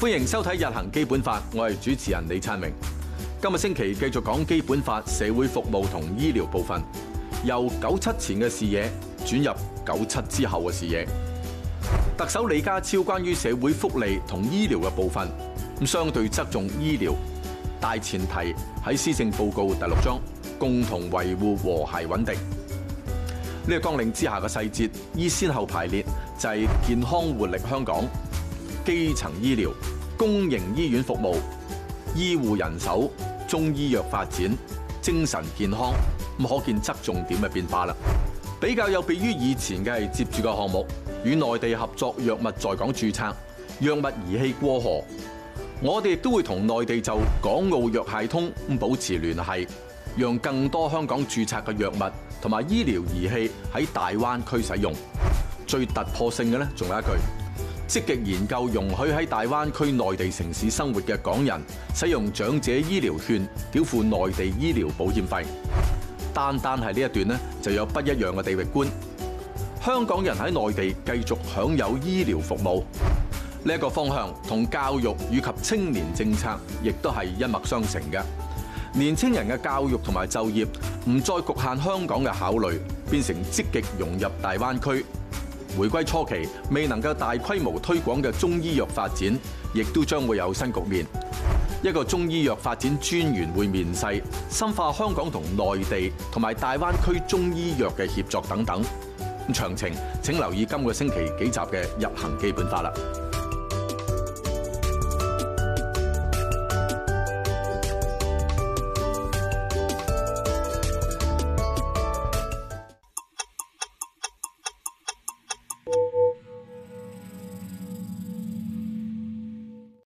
歡迎收睇《日行基本法》，我係主持人李燦榮。今日星期繼續講基本法社會服務同醫療部分，由九七前嘅視野轉入九七之後嘅視野。特首李家超關於社會福利同醫療嘅部分，相對側重醫療。大前提喺施政報告第六章，共同維護和諧穩定。呢、這個綱領之下嘅細節依先後排列，就係、是、健康活力香港。基層醫療、公營醫院服務、醫護人手、中醫藥發展、精神健康，咁可見側重點嘅變化啦。比較有別於以前嘅接住個項目，與內地合作藥物在港注冊、藥物儀器過河，我哋亦都會同內地就港澳藥械通保持聯繫，讓更多香港注冊嘅藥物同埋醫療儀器喺大灣區使用。最突破性嘅咧，仲有一句。積極研究容許喺大灣區內地城市生活嘅港人使用長者醫療券，繳付內地醫療保險費。單單係呢一段呢就有不一樣嘅地域觀。香港人喺內地繼續享有醫療服務，呢一個方向同教育以及青年政策，亦都係一脈相承嘅。年青人嘅教育同埋就業，唔再局限香港嘅考慮，變成積極融入大灣區。回歸初期未能夠大規模推廣嘅中醫藥發展，亦都將會有新局面。一個中醫藥發展專員會面世，深化香港同內地同埋大灣區中醫藥嘅協作等等。咁詳情請留意今個星期幾集嘅《入行基本法》啦。